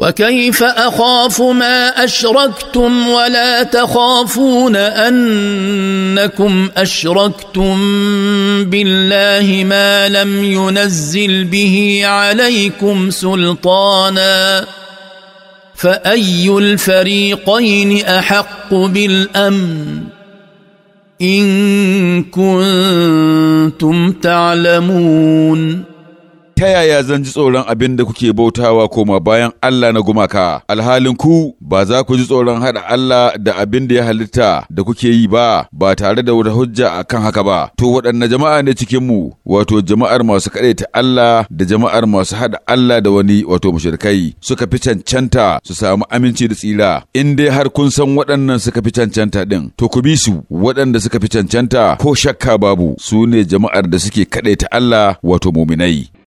وكيف اخاف ما اشركتم ولا تخافون انكم اشركتم بالله ما لم ينزل به عليكم سلطانا فاي الفريقين احق بالامن ان كنتم تعلمون ta yaya zan ji tsoron abin da kuke bautawa koma bayan Allah na gumaka alhalin ku ba za ku ji tsoron haɗa Allah da abin da ya halitta da kuke yi ba ba tare da wata hujja akan haka ba to waɗanne jama'a ne cikin mu wato jama'ar masu kaɗaita Allah da jama'ar masu haɗa Allah da wani wato mushrikai suka fi cancanta su samu aminci da tsira in dai har kun san waɗannan suka fi cancanta ɗin to ku bi su waɗanda suka fi cancanta ko shakka babu su ne jama'ar da suke kaɗaita Allah wato muminai